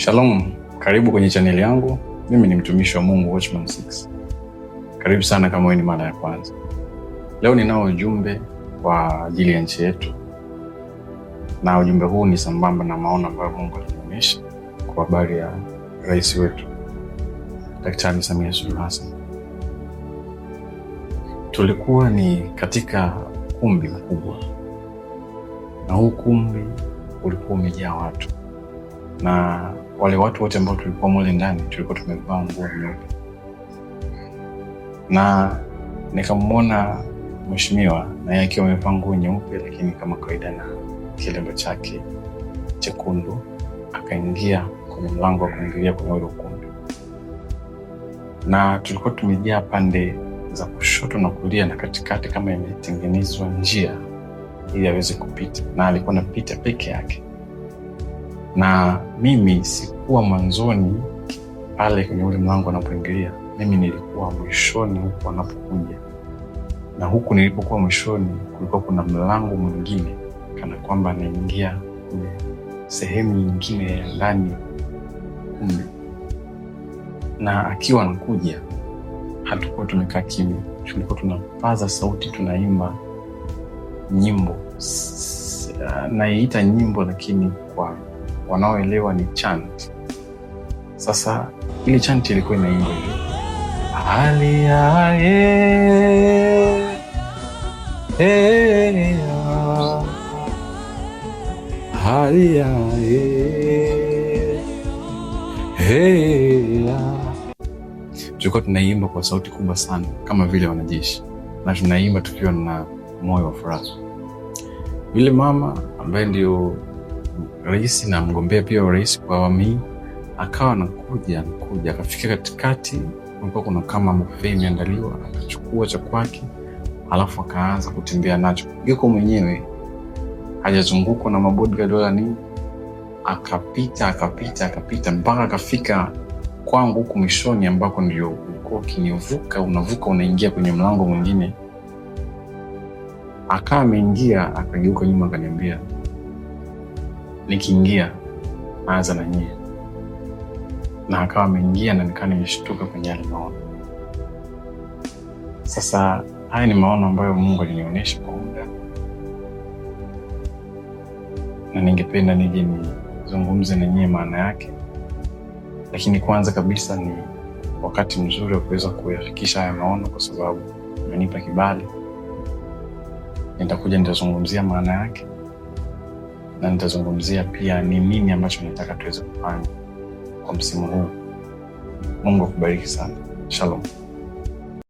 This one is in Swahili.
Shalom, karibu kwenye chaneli yangu. Mimi ni mtumishi wa Mungu Watchman 6. Karibu sana kama wewe ni mara ya kwanza. Leo ninao ujumbe kwa ajili ya nchi yetu, na ujumbe huu ni sambamba na maono ambayo Mungu alinionyesha kwa habari ya rais wetu Daktari Samia Suluhu Hassan. Tulikuwa ni katika kumbi mkubwa, na huu kumbi ulikuwa umejaa watu na wale watu wote ambao tulikuwa mule ndani tulikuwa tumevaa nguo nyeupe, na nikamwona mheshimiwa yeye akiwa amevaa nguo nyeupe, lakini kama kawaida na kilemba chake chekundu, akaingia kwenye mlango wa kuingilia kwenye ule ukumbi, na tulikuwa tumejaa pande za kushoto na kulia na katikati, kama imetengenezwa njia ili aweze kupita, na alikuwa anapita peke yake na mimi sikuwa mwanzoni pale kwenye ule mlango anapoingilia mimi nilikuwa mwishoni huku anapokuja na huku nilipokuwa mwishoni kulikuwa kuna mlango mwingine, kana kwamba anaingia kwenye sehemu nyingine ya ndani kumbe, na akiwa anakuja hatukuwa tumekaa kimya, tulikuwa tunapaza sauti, tunaimba nyimbo. Naiita nyimbo lakini kwa wanaoelewa ni chant. Sasa ile chant ilikuwa inaimba hivi hali ya, hali yaye, tulikuwa tunaimba kwa sauti kubwa sana kama vile wanajeshi, na tunaimba tukiwa na moyo wa furaha. Yule mama ambaye ndio rais na mgombea pia urais kwa awamu hii, akawa anakuja anakuja, akafika katikati, kulikuwa kuna kama buffet imeandaliwa, akachukua cha kwake, alafu akaanza kutembea nacho, yuko mwenyewe, hajazungukwa na mabodyguard wala nini. Akapita akapita akapita mpaka akafika kwangu huku mwishoni, ambako ndio ulikuwa ukinivuka, unavuka unaingia kwenye mlango mwingine. Akaa ameingia akageuka nyuma akaniambia nikiingia naanza na nyie, na akawa ameingia na nikaa nimeshtuka kwenye yale maono. Sasa haya ni maono ambayo Mungu alinionyesha kwa muda, na ningependa nije nizungumze na nyie maana yake, lakini kwanza kabisa ni wakati mzuri wa kuweza kuyafikisha haya maono, kwa sababu amenipa kibali. Nitakuja nitazungumzia maana yake na nitazungumzia pia ni nini ambacho nataka tuweze kufanya kwa msimu huu. Mungu akubariki sana. Shalom.